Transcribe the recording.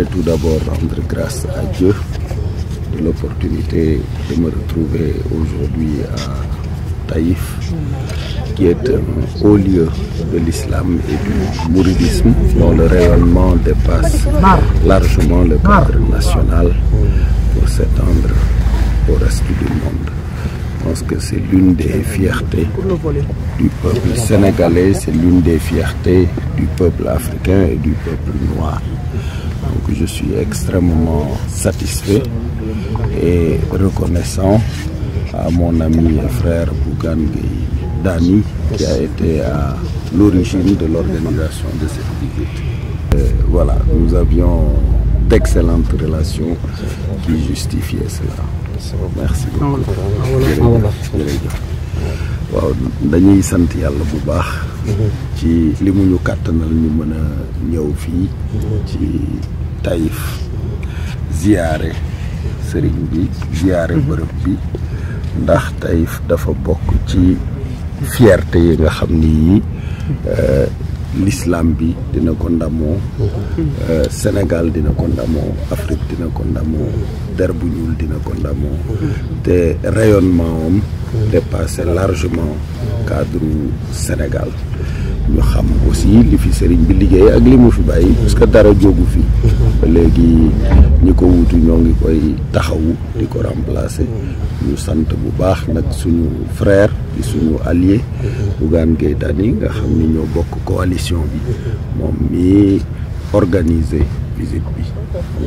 voudrais tout d'abord rendre grâce à Dieu de l'opportunité de me retrouver aujourd'hui à Taïf, qui est un haut lieu de l'islam et du mouridisme, dont le rayonnement dépasse largement le cadre national pour s'étendre au reste du monde. Je que c'est l'une des fiertés du peuple sénégalais, c'est l'une des fiertés du peuple africain et du peuple noir. je suis extrêmement satisfait et reconnaissant à mon ami et frère Bougane Dani qui a été à l'origine de l'organisation de cette euh, voilà, nous avions d'excellentes relations qui justifiaient cela. merci beaucoup jërëjëf waaw dañuy sant yàlla bu baax ci li mu ñu kàttanal ñu mën ñëw fii Taïf ziyaare sëriñ bi ziyaare mhm. bërëb bi ndax Taïf dafa bokk ci fierté yi nga xam ni yi euh, l'islam bi dina ko ndamoo euh, Sénégal dina ko ndamoo Afrique dina ko ndamoo der ñuul dina ko ndamoo te rayonnement am mhm. dépassé largement cadre Sénégal ñu xam aussi li fi sëriñ bi liggéey ak li mu fi bàyyi parce que dara jógu fi ba léegi ñi ko wutu ñoo ngi koy taxawu di ko remplacer mm-hmm. ñu sant bu baax nag suñu frère di suñu allier mm-hmm. Bougane Gueye Dany nga xam ni ñoo bokk coalition bi mm-hmm. moom mi organiser visite bi